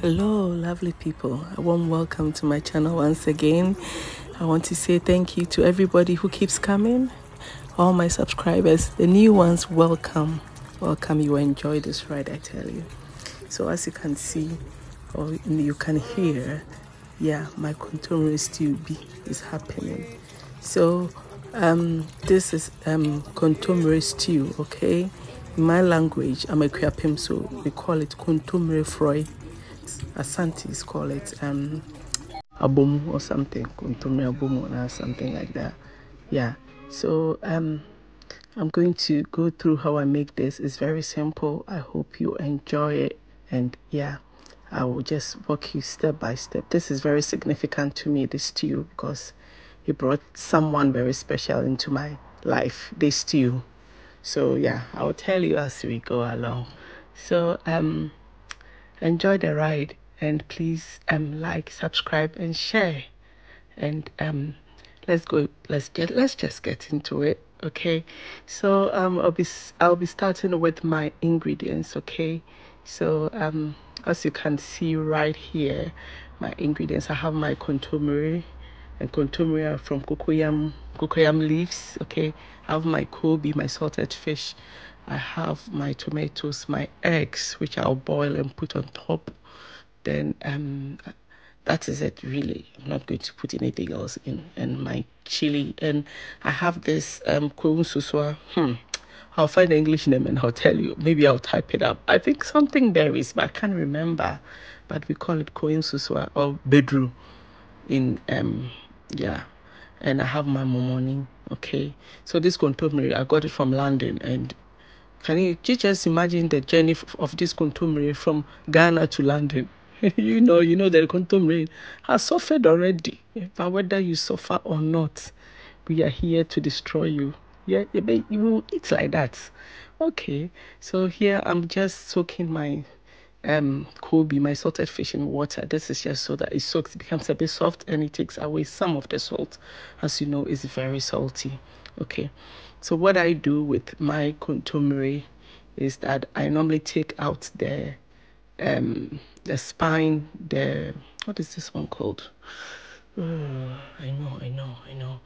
hello lovely people a warm welcome to my channel once again i want to say thank you to everybody who keeps coming all my subscribers the new ones welcome welcome you enjoy this ride i tell you so as you can see or you can hear yeah my still be is happening so um this is um contemporary stew okay in my language i'm a queer so we call it contemporary fry Asante's call it um, Abomu or something, Kuntume Abomu or something like that. Yeah. So um, I'm going to go through how I make this. It's very simple. I hope you enjoy it. And yeah, I will just walk you step by step. This is very significant to me, this stew, because he brought someone very special into my life, this stew. So yeah, I'll tell you as we go along. So um enjoy the ride and please um like subscribe and share and um let's go let's get let's just get into it okay so um i'll be i'll be starting with my ingredients okay so um as you can see right here my ingredients i have my contumery and contumely from kukuyam kukuyam leaves okay i have my kobe my salted fish I have my tomatoes, my eggs, which I'll boil and put on top. Then um, that is it really. I'm not going to put anything else in. And my chili. And I have this um, Hmm. I'll find the English name and I'll tell you. Maybe I'll type it up. I think something there is, but I can't remember. But we call it Koin or Bedru in um yeah. And I have my momoni. Okay. So this contemporary I got it from London and can you, just imagine the journey of this contemporary from Ghana to London? you know, you know, the contemporary has suffered already. But whether you suffer or not, we are here to destroy you. Yeah, you will eat like that. Okay, so here I'm just soaking my um Kobe, my salted fish in water. This is just so that it soaks, it becomes a bit soft and it takes away some of the salt. As you know, it's very salty. Okay. So what I do with my contumery is that I normally take out the um, the spine, the what is this one called? I know, I know, I know.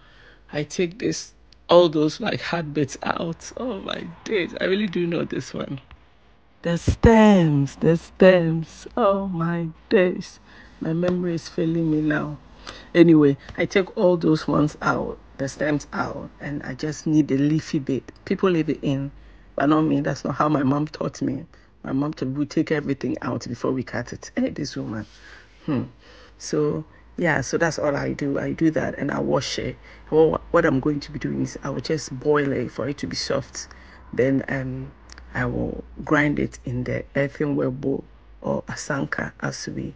I take this all those like hard bits out. Oh my days, I really do know this one. The stems, the stems. Oh my days, my memory is failing me now. Anyway, I take all those ones out the stems out and I just need a leafy bit. People leave it in, but not me. That's not how my mom taught me. My mom would take everything out before we cut it. Hey, this woman. Hmm. So yeah, so that's all I do. I do that and I wash it. Well, what I'm going to be doing is I will just boil it for it to be soft. Then um, I will grind it in the earthenware bowl or asanka as we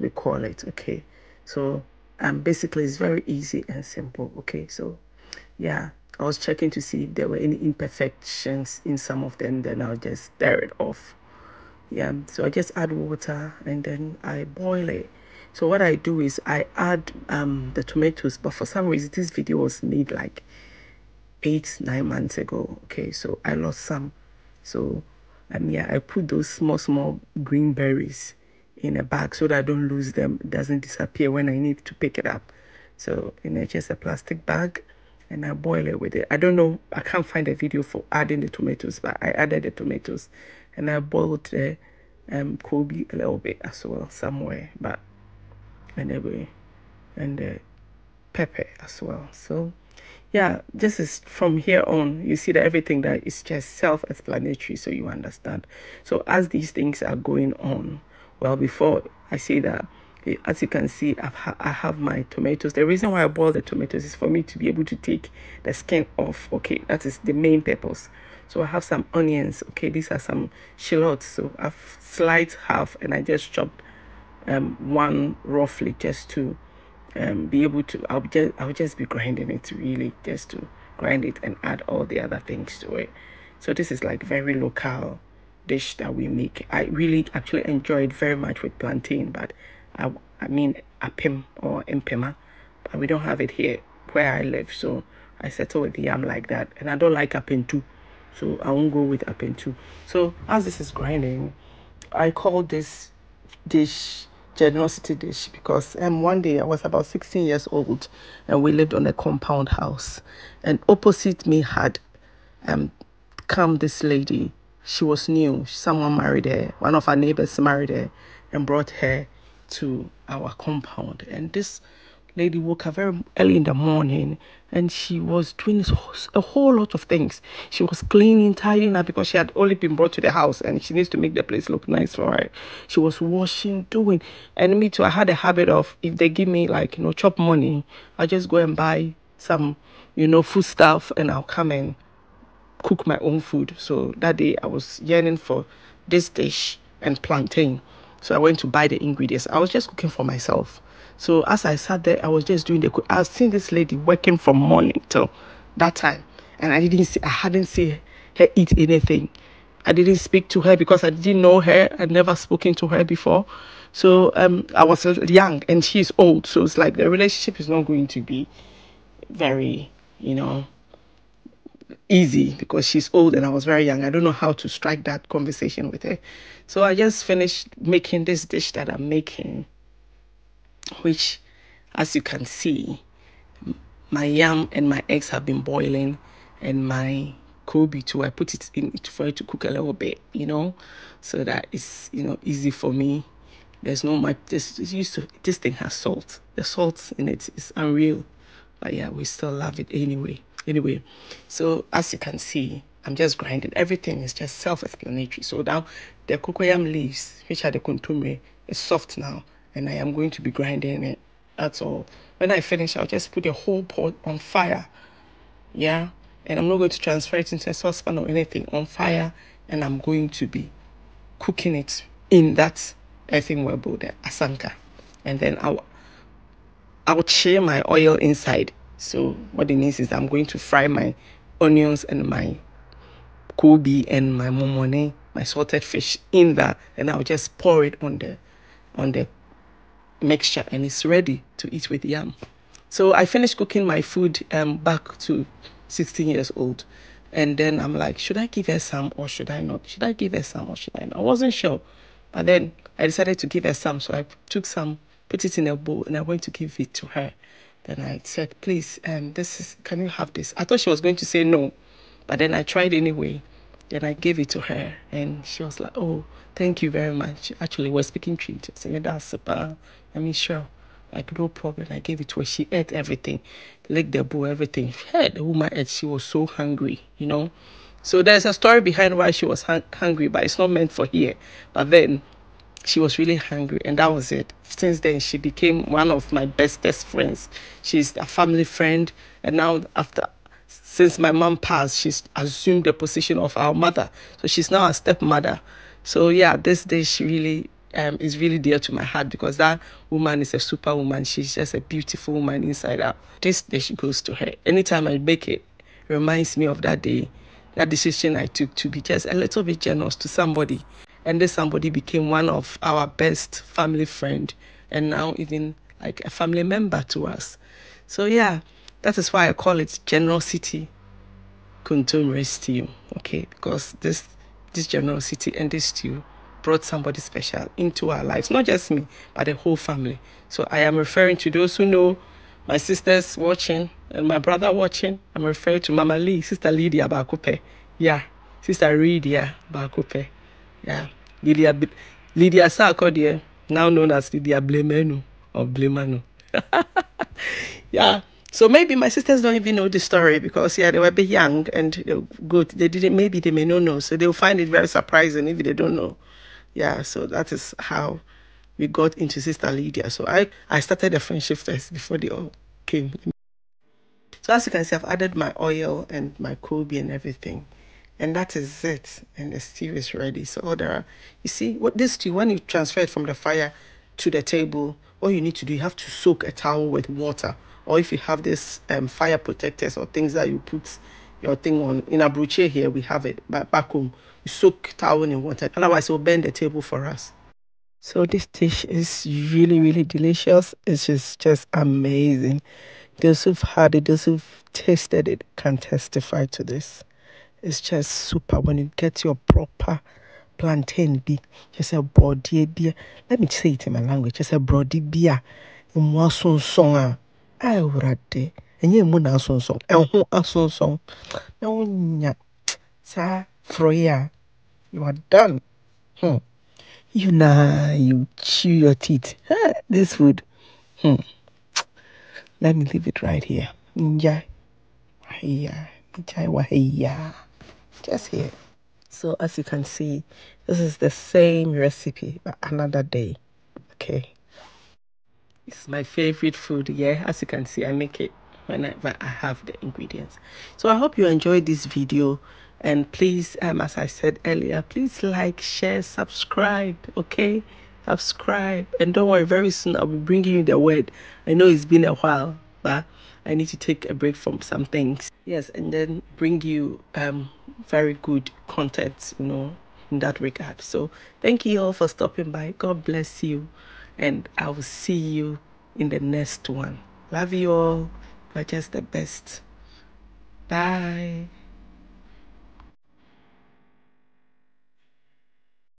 we call it. Okay, so and basically it's very easy and simple okay so yeah i was checking to see if there were any imperfections in some of them then i'll just stir it off yeah so i just add water and then i boil it so what i do is i add um, the tomatoes but for some reason this video was made like eight nine months ago okay so i lost some so um yeah i put those small small green berries in a bag so that I don't lose them. It doesn't disappear when I need to pick it up. So in a, just a plastic bag and I boil it with it. I don't know, I can't find a video for adding the tomatoes, but I added the tomatoes and I boiled the um, Kobe a little bit as well somewhere. But anyway, and the pepper as well. So yeah, this is from here on. You see that everything that is just self-explanatory, so you understand. So as these things are going on, well before I say that as you can see ha i have my tomatoes the reason why I boil the tomatoes is for me to be able to take the skin off okay that is the main purpose so I have some onions okay these are some shallots so I've sliced half and I just chopped um, one roughly just to um, be able to I'll just I'll just be grinding it really just to grind it and add all the other things to it so this is like very local dish that we make. I really actually enjoy it very much with plantain, but I, I mean apim or impima, but we don't have it here where I live, so I settle with yam like that. And I don't like apim too, so I won't go with apim too. So as this is grinding, I call this dish generosity dish because um one day I was about 16 years old and we lived on a compound house and opposite me had um come this lady she was new. Someone married her. One of our neighbors married her and brought her to our compound. And this lady woke up very early in the morning and she was doing a whole lot of things. She was cleaning, tidying up because she had only been brought to the house and she needs to make the place look nice for her. She was washing, doing. And me too, I had a habit of if they give me like, you know, chop money, I just go and buy some, you know, food stuff and I'll come and cook my own food. So that day I was yearning for this dish and plantain. So I went to buy the ingredients. I was just cooking for myself. So as I sat there, I was just doing the cook. I seen this lady working from morning till that time, and I didn't see, I hadn't seen her eat anything. I didn't speak to her because I didn't know her. I'd never spoken to her before. So um, I was young and she's old. So it's like the relationship is not going to be very, you know, easy because she's old and I was very young. I don't know how to strike that conversation with her. So I just finished making this dish that I'm making, which, as you can see, my yam and my eggs have been boiling and my Kobe too. I put it in it for it to cook a little bit, you know, so that it's you know easy for me. There's no my this used to this thing has salt. The salt in it is unreal. But yeah, we still love it anyway. Anyway, so as you can see, I'm just grinding. Everything is just self-explanatory. So now the cocoyam leaves, which are the contume, is soft now. And I am going to be grinding it. That's all. When I finish, I'll just put the whole pot on fire. Yeah. And I'm not going to transfer it into a saucepan or anything on fire. And I'm going to be cooking it in that earthenware bowl, the asanka. And then I'll I'll chill my oil inside. So what it means is I'm going to fry my onions and my kobe and my momone, my salted fish in that, and I'll just pour it on the on the mixture, and it's ready to eat with yam. So I finished cooking my food um, back to 16 years old. And then I'm like, should I give her some or should I not? Should I give her some or should I not? I wasn't sure. But then I decided to give her some. So I took some put it in a bowl, and I went to give it to her. Then I said, please, um, this is, can you have this? I thought she was going to say no, but then I tried anyway. Then I gave it to her, and she was like, oh, thank you very much. Actually, we're speaking treat. I said, yeah, that's, I mean, sure. Like, no problem. I gave it to her. She ate everything, licked the bowl, everything. Hey, the woman ate. She was so hungry, you know. So there's a story behind why she was hung- hungry, but it's not meant for here. But then she was really hungry and that was it since then she became one of my bestest friends she's a family friend and now after since my mom passed she's assumed the position of our mother so she's now a stepmother so yeah this day she really um, is really dear to my heart because that woman is a superwoman she's just a beautiful woman inside out this day she goes to her anytime i bake it reminds me of that day that decision i took to be just a little bit generous to somebody and this somebody became one of our best family friend and now even like a family member to us so yeah that is why i call it generosity contemporary stew okay because this this generosity and this stew brought somebody special into our lives not just me but the whole family so i am referring to those who know my sisters watching and my brother watching i'm referring to mama lee sister lydia bakupe yeah sister lydia bakupe yeah. Lydia, Lydia, Lydia Sarkodie, now known as Lydia Blemenu or Blemanu. yeah. So maybe my sisters don't even know the story because yeah, they were a bit young and good. They didn't. Maybe they may not know, so they'll find it very surprising if they don't know. Yeah. So that is how we got into Sister Lydia. So I I started the friendship first before they all came. So as you can see, I've added my oil and my Kobe and everything and that is it and the stew is ready so there are you see what this stew when you transfer it from the fire to the table all you need to do you have to soak a towel with water or if you have this um, fire protectors or things that you put your thing on in abruche here we have it but back home you soak towel in water otherwise it will burn the table for us so this dish is really really delicious it's just just amazing those who've had it those who've tasted it can testify to this it's just super when you get your proper plantain bi kyerɛ sɛ borɔdeɛ bi let me say it in my language kyerɛ sɛ borɔde bi a ɛmu asonsɔn a awurade ɛnyɛ ɛmu na asonsɔn ɛho asonsɔn na wonya saa frɔe a you are done hmm. you na you chew your teeth this food hmm. let me leave it right here yeah yeah yeah just here so as you can see this is the same recipe but another day okay it's my favorite food yeah as you can see i make it whenever i have the ingredients so i hope you enjoyed this video and please um, as i said earlier please like share subscribe okay subscribe and don't worry very soon i'll be bringing you the word i know it's been a while but i need to take a break from some things yes and then bring you um very good content, you know, in that regard. So thank you all for stopping by. God bless you. And I will see you in the next one. Love you all. You're just the best. Bye.